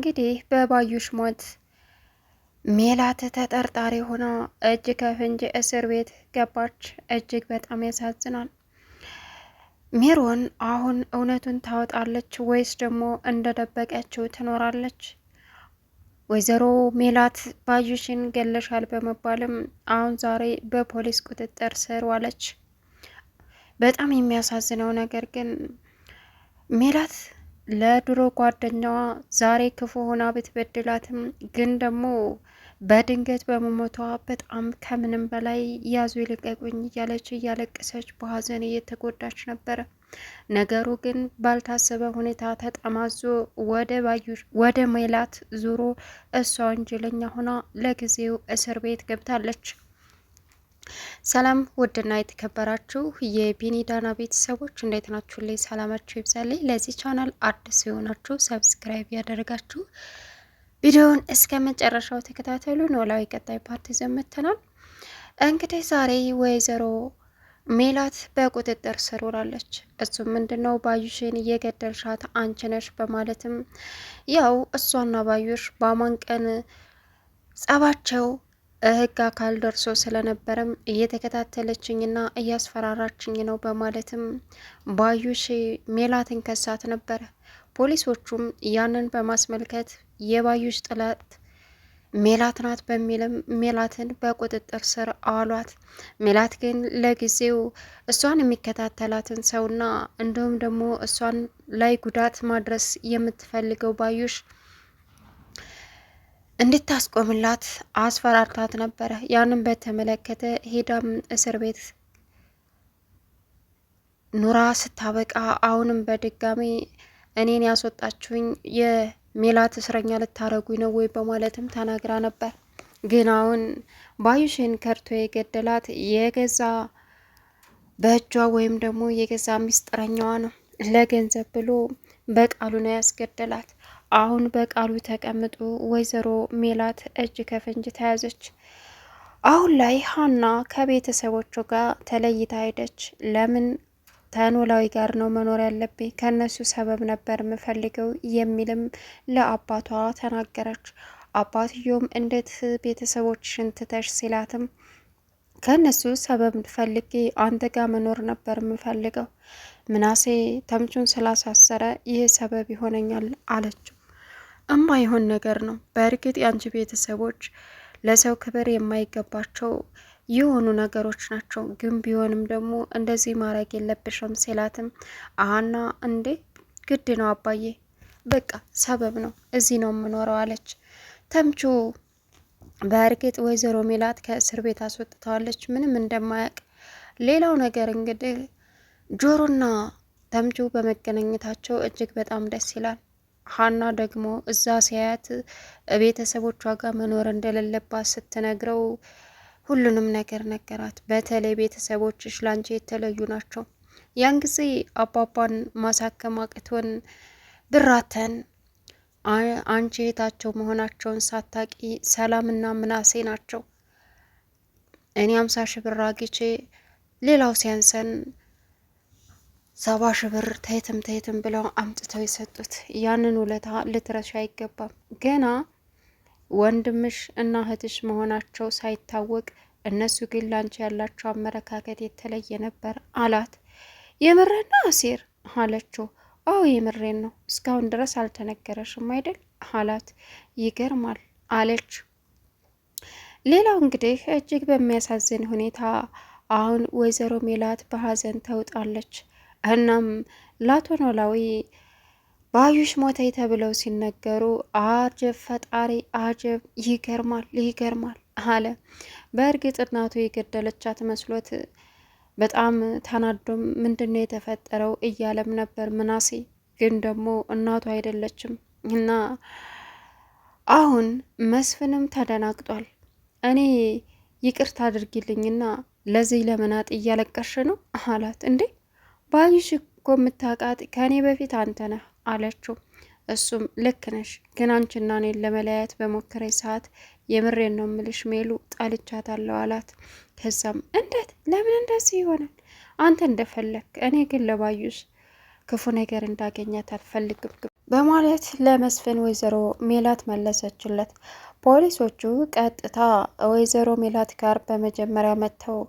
እንግዲህ በባዩሽ ሞት ሜላት ተጠርጣሪ ሆና እጅ ከፍንጅ እስር ቤት ገባች። እጅግ በጣም ያሳዝናል። ሜሮን አሁን እውነቱን ታወጣለች ወይስ ደግሞ እንደደበቀችው ትኖራለች? ወይዘሮ ሜላት ባዩሽን ገለሻል በመባልም አሁን ዛሬ በፖሊስ ቁጥጥር ስር ዋለች። በጣም የሚያሳዝነው ነገር ግን ሜላት ለድሮ ጓደኛዋ ዛሬ ክፉ ሆና ብትበድላትም ግን ደግሞ በድንገት በመሞቷ በጣም ከምንም በላይ ያዙ ይልቀቁኝ እያለች እያለቀሰች በሀዘን እየተጎዳች ነበረ። ነገሩ ግን ባልታሰበ ሁኔታ ተጠማዞ ወደ ባዩሽ ወደ ሜላት ዙሮ እሷ ወንጀለኛ ሆና ለጊዜው እስር ቤት ገብታለች። ሰላም ውድና የተከበራችሁ የቢኒዳና ቤተሰቦች እንዴት ናችሁ? ላይ ሰላማችሁ ይብዛልኝ። ለዚህ ቻናል አዲስ የሆናችሁ ሰብስክራይብ ያደረጋችሁ ቪዲዮውን እስከ መጨረሻው ተከታተሉ። ኖላዊ ቀጣይ ፓርቲ ዘመተናል። እንግዲህ ዛሬ ወይዘሮ ሜላት በቁጥጥር ስር ውላለች። እሱም ምንድነው ባዩሽን እየገደልሻት አንቺ ነሽ በማለትም ያው እሷና ባዩሽ በማን ቀን ጸባቸው ህግ አካል ደርሶ ስለነበረም እየተከታተለችኝና እያስፈራራችኝ ነው በማለትም ባዩሽ ሜላትን ከሳት ነበረ። ፖሊሶቹም ያንን በማስመልከት የባዩሽ ጥላት ሜላት ናት በሚልም ሜላትን በቁጥጥር ስር አሏት ሜላት ግን ለጊዜው እሷን የሚከታተላትን ሰውና እንዲሁም ደግሞ እሷን ላይ ጉዳት ማድረስ የምትፈልገው ባዩሽ እንድታስቆምላት አስፈራርታት ነበረ። ያንን በተመለከተ ሄዳም እስር ቤት ኑራ ስታበቃ አሁንም በድጋሚ እኔን ያስወጣችሁኝ የሚላት እስረኛ ልታረጉኝ ነው ወይ በማለትም ተናግራ ነበር። ግን አሁን ባዩሽን ከርቶ የገደላት የገዛ በእጇ ወይም ደግሞ የገዛ ሚስጥረኛዋ ነው። ለገንዘብ ብሎ በቃሉ ነው ያስገደላት። አሁን በቃሉ ተቀምጦ ወይዘሮ ሜላት እጅ ከፍንጅ ተያዘች። አሁን ላይ ሀና ከቤተሰቦቹ ጋር ተለይታ ሄደች። ለምን ተኖላዊ ጋር ነው መኖር ያለብኝ ከእነሱ ሰበብ ነበር የምፈልገው የሚልም ለአባቷ ተናገረች። አባትዮም እንዴት ቤተሰቦችሽን ትተሽ ሲላትም ከእነሱ ሰበብ ፈልጌ አንተ ጋር መኖር ነበር የምፈልገው ምናሴ ተምቹን ስላሳሰረ ይህ ሰበብ ይሆነኛል አለችው። እማይሆን ነገር ነው። በእርግጥ የአንቺ ቤተሰቦች ለሰው ክብር የማይገባቸው የሆኑ ነገሮች ናቸው። ግን ቢሆንም ደግሞ እንደዚህ ማድረግ የለብሽም ሲላትም አሀና እንዴ ግድ ነው አባዬ፣ በቃ ሰበብ ነው እዚህ ነው የምኖረው አለች ተምቹ። በእርግጥ ወይዘሮ ሜላት ከእስር ቤት አስወጥተዋለች ምንም እንደማያውቅ። ሌላው ነገር እንግዲህ ጆሮና ተምቹ በመገናኘታቸው እጅግ በጣም ደስ ይላል። ሀና ደግሞ እዛ ሲያያት ቤተሰቦቿ ጋር መኖር እንደሌለባት ስትነግረው ሁሉንም ነገር ነገራት። በተለይ ቤተሰቦችሽ ላንቺ የተለዩ ናቸው። ያን ጊዜ አባባን ማሳከም አቅቶን ብራተን አንቺ እህታቸው መሆናቸውን ሳታቂ ሰላምና ምናሴ ናቸው። እኔ አምሳ ሺህ ብር አግቼ ሌላው ሲያንሰን ሰባ ሺህ ብር ተየትም ተየትም ብለው አምጥተው የሰጡት ያንን ውለታ ልትረሽ አይገባም። ገና ወንድምሽ እና እህትሽ መሆናቸው ሳይታወቅ እነሱ ግን ላንቺ ያላቸው አመለካከት የተለየ ነበር አላት። የምሬን ነው አሴር አለችው። አዎ የምሬን ነው፣ እስካሁን ድረስ አልተነገረሽም አይደል አላት። ይገርማል አለች። ሌላው እንግዲህ እጅግ በሚያሳዝን ሁኔታ አሁን ወይዘሮ ሜላት በሀዘን ተውጣለች። እናም ለአቶ ኖላዊ ባዩሽ ሞተይ ተብለው ሲነገሩ አጀብ ፈጣሪ አጀብ፣ ይገርማል ይገርማል አለ። በእርግጥ እናቱ የገደለቻት መስሎት በጣም ተናዶም ምንድን ነው የተፈጠረው እያለም ነበር ምናሴ። ግን ደግሞ እናቱ አይደለችም እና አሁን መስፍንም ተደናግጧል። እኔ ይቅርታ አድርጊልኝና ለዚህ ለመናጥ እያለቀሽ ነው አላት። እንዴ ባልሽ እኮ የምታውቃት ከእኔ በፊት አንተ ነህ አለችው። እሱም ልክ ነሽ፣ ግን አንቺና እኔን ለመለያየት በሞከረኝ ሰዓት የምሬን ነው ምልሽ ሜሉ ጠልቻታለሁ አላት። ከዛም እንዴት ለምን እንደዚህ ይሆናል? አንተ እንደፈለግ፣ እኔ ግን ለባዩሽ ክፉ ነገር እንዳገኛት አልፈልግም በማለት ለመስፍን ወይዘሮ ሜላት መለሰችለት። ፖሊሶቹ ቀጥታ ወይዘሮ ሜላት ጋር በመጀመሪያ መጥተው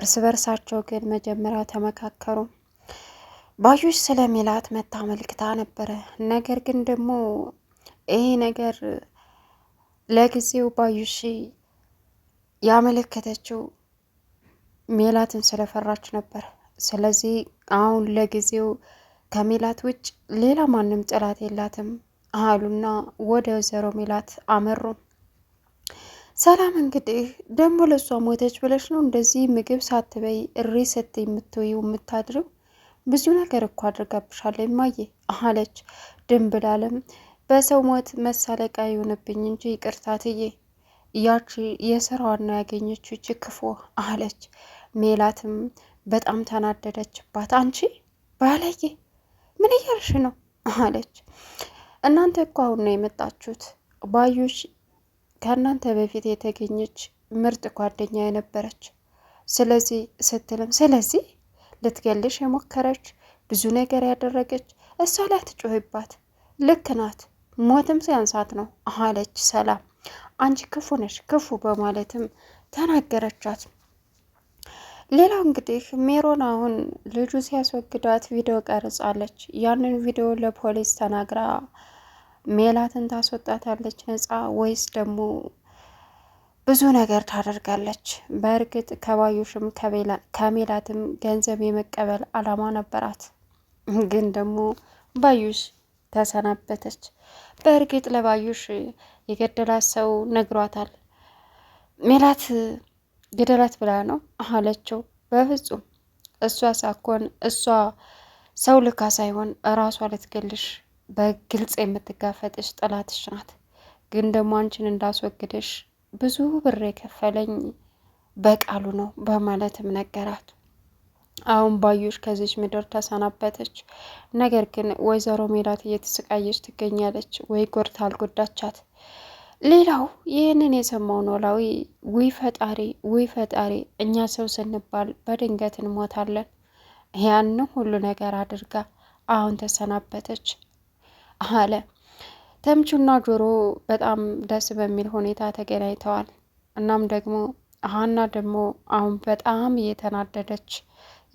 እርስ በርሳቸው ግን መጀመሪያ ተመካከሩ። ባዩሽ ስለሚላት መታ መልክታ ነበረ። ነገር ግን ደግሞ ይሄ ነገር ለጊዜው ባዩሽ ያመለከተችው ሜላትን ስለፈራች ነበር። ስለዚህ አሁን ለጊዜው ከሜላት ውጭ ሌላ ማንም ጥላት የላትም አሉና ወደ ወይዘሮ ሜላት አመሩ። ሰላም እንግዲህ ደግሞ ለሷ ሞተች ብለሽ ነው እንደዚህ ምግብ ሳትበይ እሪ ስት የምትውይው የምታድረው ብዙ ነገር እኮ አድርጋብሻለሁ እማዬ አለች። ድንብላልም በሰው ሞት መሳለቂያ ይሆንብኝ እንጂ ይቅርታ እትዬ፣ ያቺ የስራዋን ነው ያገኘችው ይቺ ክፉ አለች። ሜላትም በጣም ተናደደችባት። አንቺ ባለጌ ምን እያልሽ ነው አለች። እናንተ እኮ አሁን ነው የመጣችሁት። ባዩሽ ከእናንተ በፊት የተገኘች ምርጥ ጓደኛ የነበረች ስለዚህ ስትልም ስለዚህ ልትገልሽ የሞከረች ብዙ ነገር ያደረገች እሷ ላይ ትጮህባት ልክ ናት፣ ሞትም ሲያንሳት ነው አለች ሰላም። አንቺ ክፉ ነች ክፉ በማለትም ተናገረቻት። ሌላው እንግዲህ ሜሮን አሁን ልጁ ሲያስወግዳት ቪዲዮ ቀርጻለች። ያንን ቪዲዮ ለፖሊስ ተናግራ ሜላትን ታስወጣታለች ነፃ ወይስ ደግሞ ብዙ ነገር ታደርጋለች። በእርግጥ ከባዩሽም ከሜላትም ገንዘብ የመቀበል አላማ ነበራት፣ ግን ደግሞ ባዩሽ ተሰናበተች። በእርግጥ ለባዩሽ የገደላት ሰው ነግሯታል። ሜላት ገደላት ብላ ነው አለችው። በፍጹም እሷ ሳኮን እሷ ሰው ልካ ሳይሆን እራሷ ልትገልሽ በግልጽ የምትጋፈጥሽ ጠላትሽ ናት። ግን ደግሞ አንቺን እንዳስወግደሽ ብዙ ብር የከፈለኝ በቃሉ ነው በማለትም ነገራት። አሁን ባዩሽ ከዚች ምድር ተሰናበተች። ነገር ግን ወይዘሮ ሜላት እየተሰቃየች ትገኛለች። ወይ ጎርታ አልጎዳቻት። ሌላው ይህንን የሰማው ኖላዊ ውይ ፈጣሪ፣ ውይ ፈጣሪ፣ እኛ ሰው ስንባል በድንገት እንሞታለን። ያንን ሁሉ ነገር አድርጋ አሁን ተሰናበተች አለ። ተምቹና ጆሮ በጣም ደስ በሚል ሁኔታ ተገናኝተዋል። እናም ደግሞ ሀና ደግሞ አሁን በጣም እየተናደደች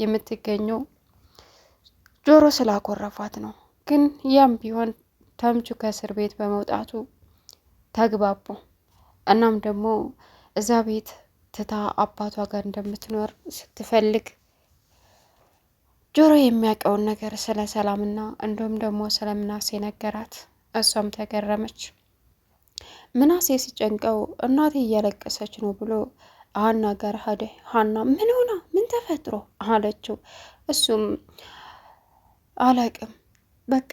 የምትገኘው ጆሮ ስላኮረፏት ነው። ግን ያም ቢሆን ተምቹ ከእስር ቤት በመውጣቱ ተግባቡ። እናም ደግሞ እዛ ቤት ትታ አባቷ ጋር እንደምትኖር ስትፈልግ ጆሮ የሚያውቀውን ነገር ስለ ሰላምና እንዲሁም ደግሞ ስለምናሴ ነገራት። እሷም ተገረመች። ምናሴ ሲጨንቀው እናቴ እያለቀሰች ነው ብሎ ሀና ጋር ሄደ። ሀና ምን ሆና ምን ተፈጥሮ አለችው። እሱም አላቅም በቃ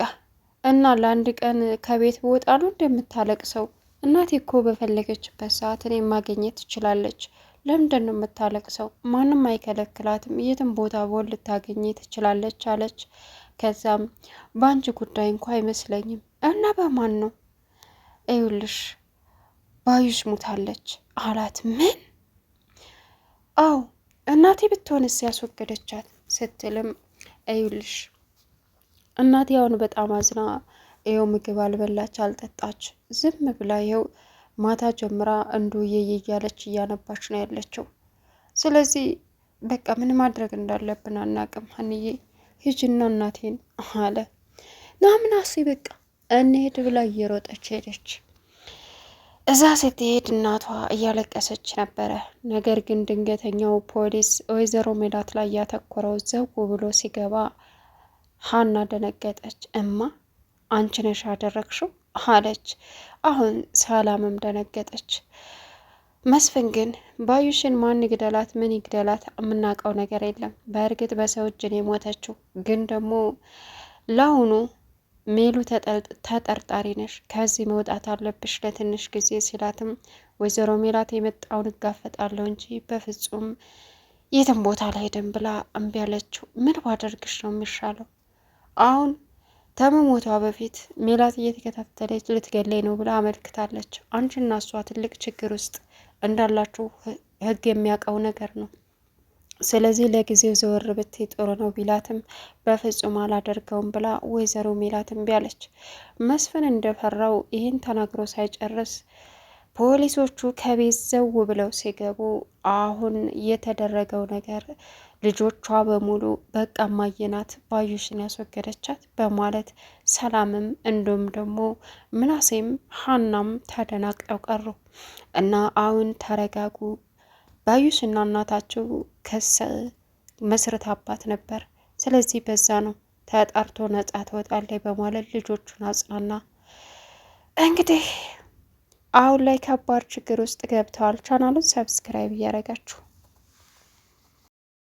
እና ለአንድ ቀን ከቤት ወጣሉ እንደምታለቅሰው። እናቴ እኮ በፈለገችበት ሰዓት እኔ ማግኘት ትችላለች። ለምንድን ነው የምታለቅሰው? ማንም አይከለክላትም። የትም ቦታ ቦል ልታገኘ ትችላለች አለች። ከዛም በአንቺ ጉዳይ እንኳ አይመስለኝም እና በማን ነው? እዩልሽ ባዩሽ ሙታለች አላት። ምን? አዎ እናቴ ብትሆንስ ያስወገደቻት ስትልም እዩልሽ እናቴ አሁን በጣም አዝና ይኸው ምግብ አልበላች አልጠጣች፣ ዝም ብላ ይኸው ማታ ጀምራ እንዱዬ እያለች እያነባች ነው ያለችው። ስለዚህ በቃ ምን ማድረግ እንዳለብን አናቅም። ሀንዬ ሂጂና እናቴን አለ ናምናሴ በቃ እንሄድ ብላ እየሮጠች ሄደች። እዛ ስትሄድ እናቷ እያለቀሰች ነበረ። ነገር ግን ድንገተኛው ፖሊስ ወይዘሮ ሜላት ላይ ያተኮረው ዘው ብሎ ሲገባ ሀና ደነገጠች። እማ አንቺ ነሽ ያደረግሽው አለች። አሁን ሰላምም ደነገጠች። መስፍን ግን ባዩሽን ማን ይግደላት ምን ይግደላት የምናውቀው ነገር የለም። በእርግጥ በሰው እጅ የሞተችው፣ ግን ደግሞ ለአሁኑ ሜሉ ተጠርጣሪ ነሽ፣ ከዚህ መውጣት አለብሽ ለትንሽ ጊዜ ሲላትም ወይዘሮ ሜላት የመጣውን እጋፈጣለሁ እንጂ በፍጹም የትም ቦታ አልሄድም ብላ እምቢ አለችው። ምን ባደርግሽ ነው የሚሻለው? አሁን ተመሞቷ በፊት ሜላት እየተከታተለች ልትገለኝ ነው ብላ አመልክታለች። አንቺና እሷ ትልቅ ችግር ውስጥ እንዳላችሁ ህግ የሚያውቀው ነገር ነው። ስለዚህ ለጊዜው ዘወር ብትይ ጥሩ ነው ቢላትም በፍጹም አላደርገውም ብላ ወይዘሮ ሜላትም ቢያለች መስፍን እንደፈራው ይህን ተናግሮ ሳይጨርስ ፖሊሶቹ ከቤት ዘው ብለው ሲገቡ አሁን የተደረገው ነገር ልጆቿ በሙሉ በቃ ማየናት ባዩሽን ያስወገደቻት በማለት ሰላምም እንዲሁም ደግሞ ምናሴም ሀናም ተደናቅጠው ቀሩ እና አሁን ተረጋጉ እና እናታቸው ከሰ መስረት አባት ነበር። ስለዚህ በዛ ነው ተጣርቶ ነጻ ትወጣለች በማለት ልጆቹን አጽናና። እንግዲህ አሁን ላይ ከባድ ችግር ውስጥ ገብተዋል። ቻናሉን ሰብስክራይብ እያደረጋችሁ